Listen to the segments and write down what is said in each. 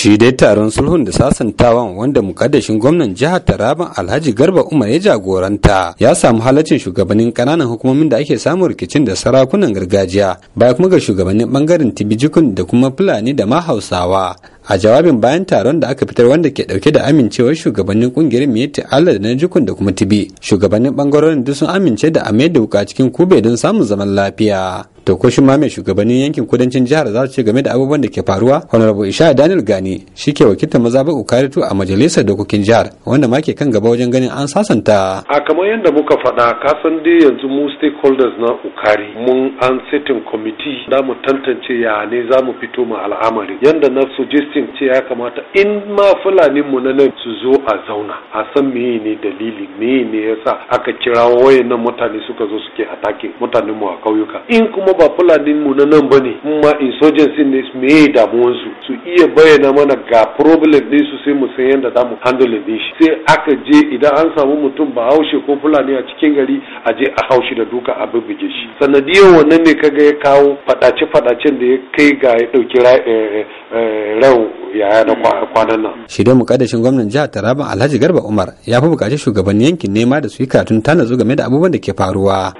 shi dai taron sulhun da sasantawan wanda mukaddashin gwamnan jihar Taraban Alhaji Garba Umar ya jagoranta ya samu halacin shugabannin kananan hukumomin da ake samun rikicin da sarakunan gargajiya baya kuma ga shugabannin bangaren Tibijikun da kuma Fulani da ma Hausawa a jawabin bayan taron da aka fitar wanda ke dauke da amincewar shugabannin kungiyar Miyetti Allah da Jikun da kuma Tibi shugabannin bangarorin duk sun amince da a mayar da wuka cikin kube don samun zaman lafiya to ko shi ma mai shugabannin yankin kudancin jihar za su ce game da abubuwan da ke faruwa honorable isha daniel gani shi ke wakiltar mazaba ukaritu a majalisar dokokin jihar wanda ma ke kan gaba wajen ganin an sasanta a kamar yadda muka faɗa ka san dai yanzu mu stakeholders na ukari mun an setting committee da mu tantance ya ne za mu fito ma al'amari yanda na suggesting ce ya kamata in ma fulanin mu na nan su zo a zauna a san meye ne dalili meye ne yasa aka kira wayannan mutane suka zo suke a take mutanen mu a kauyuka in kuma ba fulanin mu na nan bane in ma insurgency ne damuwan su su iya bayyana mana ga problem din su sai mu san yadda zamu handle din shi sai aka je idan an samu mutum ba haushe ko fulani a cikin gari a je a haushi da duka a bubbuge shi sanadiyar wannan ne kaga ya kawo fadace fadacen da ya kai ga ya dauki rau eh, eh, eh, yaya da kwanan nan shi dai mukaddashin gwamnan jihar Taraba Alhaji Garba Umar ya fi bukaci shugaban yankin nema da su yi katun tana zo game da abubuwan da ke faruwa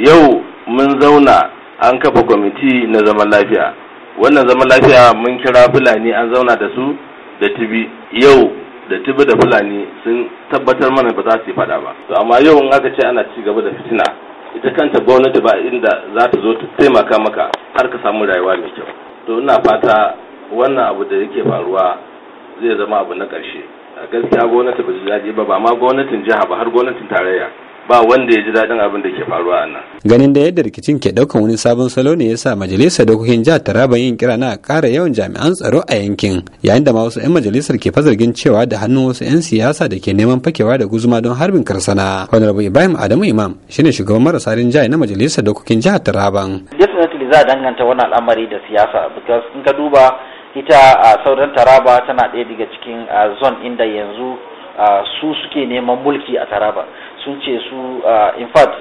yau mun zauna an kafa kwamiti na zaman lafiya wannan zaman lafiya mun kira fulani an zauna da su da tibi yau da tibi da fulani sun tabbatar mana ba za su yi fada ba to amma yau in aka ce ana ci gaba da fitina ita kanta gwamnati ba inda za ta zo ta taimaka maka har ka samu rayuwa mai kyau to ina fata wannan abu da yake faruwa zai zama abu na ƙarshe a gaskiya gwamnati ba su daɗi ba ba ma gwamnatin jiha ba har gwamnatin tarayya ba wanda ya ji daɗin abin da ke faruwa a nan. Ganin da yadda rikicin ke ɗaukan wani sabon salo ne ya sa majalisar dokokin jihar Taraba yin kira na ƙara yawan jami'an tsaro a yankin yayin da ma wasu 'yan majalisar ke fazargin cewa da hannun wasu 'yan siyasa da ke neman fakewa da guzuma don harbin karsana. Honorable Ibrahim Adamu Imam shine shugaban marasa rinjaye na majalisar dokokin jihar taraba Definitely za a danganta wani al'amari da siyasa because in ka duba ita a sauran Taraba tana ɗaya daga cikin zone inda yanzu su suke neman mulki a taraba sun ce su in fact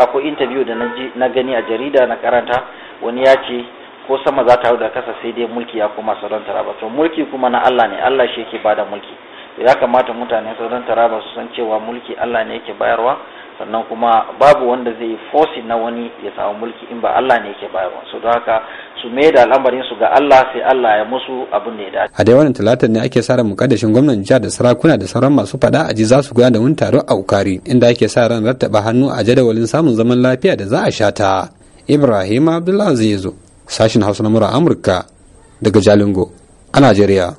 akwai interview da na gani a jarida na karanta wani ya ce ko sama za ta hau da kasa sai dai mulki ya koma sauran taraba to mulki kuma na allah ne allah shi yake bada mulki ya kamata mutane sauran taraba su san cewa mulki allah ne yake bayarwa sannan kuma babu wanda zai fosi na wani ya samu mulki in ba Allah ne yake bayarwa su don haka su mai da al'amarin su ga Allah sai Allah ya musu abun da ya dace a dai wannan talatar ne ake sa mukaddashin gwamnan jihar da sarakuna da sauran masu fada a ji za su gudanar da wani taro a Ukari inda ake sa ran rattaba hannu a jadawalin samun zaman lafiya da za a sha ta Ibrahim Abdullahi Azizu sashin Hausa na Amurka daga Jalingo a Najeriya